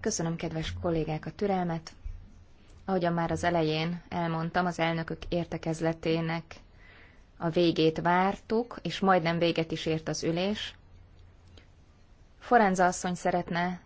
Köszönöm, kedves kollégák, a türelmet. Ahogyan már az elején elmondtam, az elnökök értekezletének a végét vártuk, és majdnem véget is ért az ülés. Forenza asszony szeretne